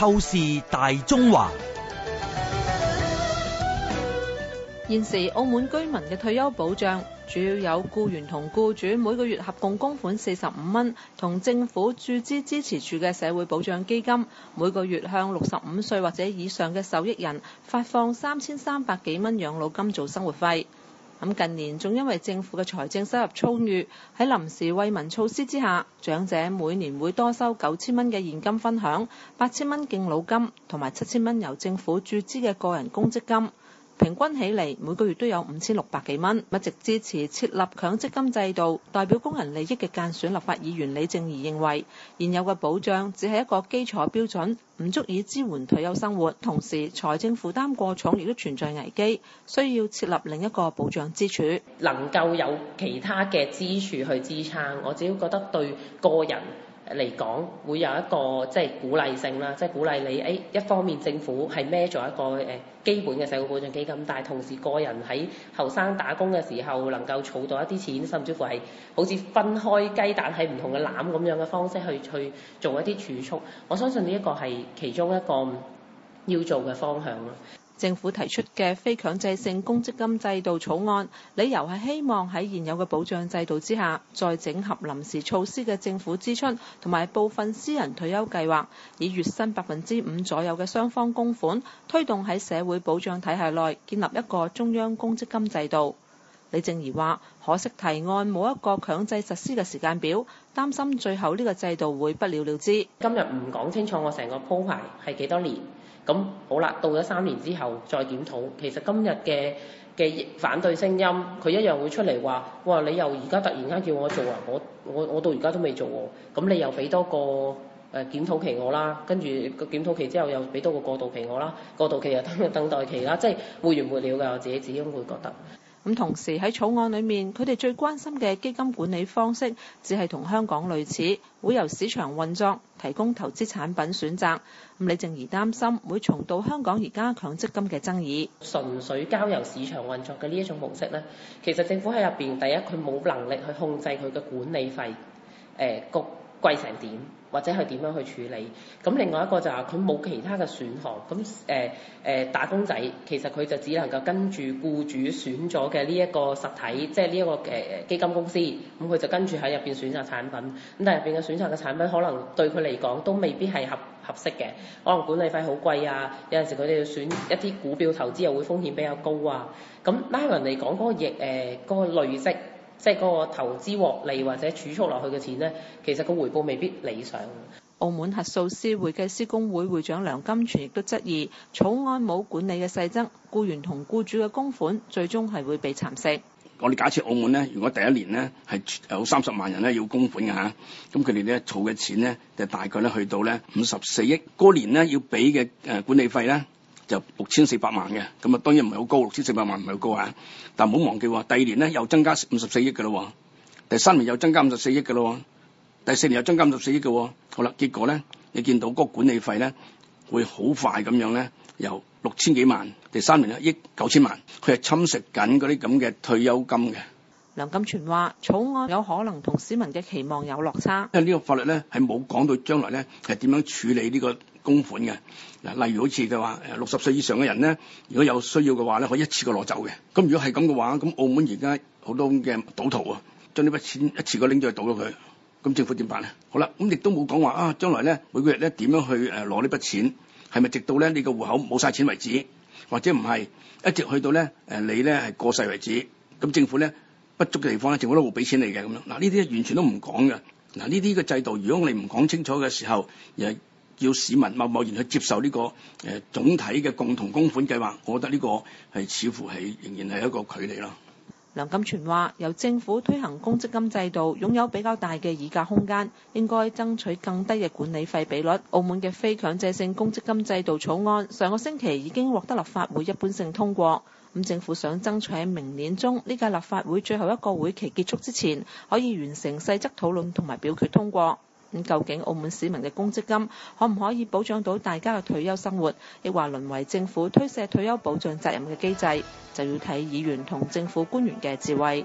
透視大中華。現時澳門居民嘅退休保障主要有僱員同僱主每個月合共供款四十五蚊，同政府注資支持住嘅社會保障基金，每個月向六十五歲或者以上嘅受益人發放三千三百幾蚊養老金做生活費。近年仲因為政府嘅財政收入充裕，喺臨時惠民措施之下，長者每年會多收九千蚊嘅現金分享、八千蚊敬老金同埋七千蚊由政府注資嘅個人公積金。平均起嚟每個月都有五千六百幾蚊，一直支持設立強積金制度，代表工人利益嘅間選立法議員李正儀認為，現有嘅保障只係一個基礎標準，唔足以支援退休生活，同時財政負擔過重亦都存在危機，需要設立另一個保障支柱，能夠有其他嘅支柱去支撐。我只要覺得對個人嚟講會有一個即係鼓勵性啦，即係鼓勵你，誒、哎、一方面政府係孭咗一個誒、呃、基本嘅社會保障基金，但係同時個人喺後生打工嘅時候能夠儲到一啲錢，甚至乎係好似分開雞蛋喺唔同嘅籃咁樣嘅方式去去做一啲儲蓄，我相信呢一個係其中一個要做嘅方向咯。政府提出嘅非強制性公積金制度草案，理由係希望喺現有嘅保障制度之下，再整合臨時措施嘅政府支出同埋部分私人退休計劃，以月薪百分之五左右嘅雙方供款，推動喺社會保障體系內建立一個中央公積金制度。李正儀話：可惜提案冇一個強制實施嘅時間表，擔心最後呢個制度會不了了之。今日唔講清楚，我成個鋪排係幾多年？咁好啦，到咗三年之後再檢討。其實今日嘅嘅反對聲音，佢一樣會出嚟話：哇！你又而家突然間叫我做啊！我我我到而家都未做喎、啊。咁你又俾多個誒檢討期我啦，跟住個檢討期之後又俾多個過渡期我啦，過渡期又等等待期啦，即係沒完沒了㗎。我自己自己會覺得。咁同時喺草案裏面，佢哋最關心嘅基金管理方式，只係同香港類似，會由市場運作，提供投資產品選擇。咁李靜儀擔心會重蹈香港而家強積金嘅爭議。純粹交由市場運作嘅呢一種模式咧，其實政府喺入邊第一佢冇能力去控制佢嘅管理費，誒、呃、局。貴成點，或者係點樣去處理？咁另外一個就係佢冇其他嘅選項。咁誒誒，打工仔其實佢就只能夠跟住僱主選咗嘅呢一個實體，即係呢一個誒、呃、基金公司。咁佢就跟住喺入邊選擇產品。咁但係入邊嘅選擇嘅產品，可能對佢嚟講都未必係合合適嘅。可能管理費好貴啊，有陣時佢哋要選一啲股票投資又會風險比較高啊。咁拉勻嚟講嗰個亦誒嗰個累積。即係嗰個投資獲利或者儲蓄落去嘅錢咧，其實個回報未必理想。澳門核數師會計師公會會長梁金全亦都質疑草案冇管理嘅細則，僱員同僱主嘅供款最終係會被蠶食。我哋假設澳門咧，如果第一年咧係有三十萬人咧要供款嘅嚇，咁佢哋咧儲嘅錢咧就大概咧去到咧五十四億，嗰年咧要俾嘅誒管理費咧。就六千四百萬嘅，咁啊當然唔係好高，六千四百萬唔係好高啊，但係唔好忘記喎，第二年咧又增加五十四億嘅咯，第三年又增加五十四億嘅咯，第四年又增加五十四億嘅，好啦，結果咧你見到嗰個管理費咧會好快咁樣咧，由六千幾萬，第三年一億九千萬，佢係侵蝕緊嗰啲咁嘅退休金嘅。梁金全話草案有可能同市民嘅期望有落差，因為呢個法律咧係冇講到將來咧係點樣處理呢個公款嘅嗱，例如好似嘅話，誒六十歲以上嘅人咧，如果有需要嘅話咧，可以一次過攞走嘅。咁如果係咁嘅話，咁澳門而家好多嘅賭徒啊，將呢筆錢一次過拎咗去賭咗佢，咁政府點辦咧？好啦，咁亦都冇講話啊，將來咧每個月咧點樣去誒攞呢筆錢？係咪直到咧你個戶口冇晒錢為止，或者唔係一直去到咧誒你咧係過世為止？咁政府咧？不足嘅地方咧，政府都會俾錢你嘅咁樣。嗱，呢啲完全都唔講嘅。嗱，呢啲嘅制度，如果我哋唔講清楚嘅時候，又要叫市民貿貿然去接受呢個誒總體嘅共同供款計劃，我覺得呢個係似乎係仍然係一個距離咯。梁金泉話，由政府推行公積金制度，擁有比較大嘅議價空間，應該爭取更低嘅管理費比率。澳門嘅非強制性公積金制度草案，上個星期已經獲得立法會一般性通過。咁政府想爭取喺明年中呢屆立法會最後一個會期結束之前，可以完成細則討論同埋表決通過。咁究竟澳門市民嘅公積金可唔可以保障到大家嘅退休生活，亦或淪為政府推卸退休保障責任嘅機制，就要睇議員同政府官員嘅智慧。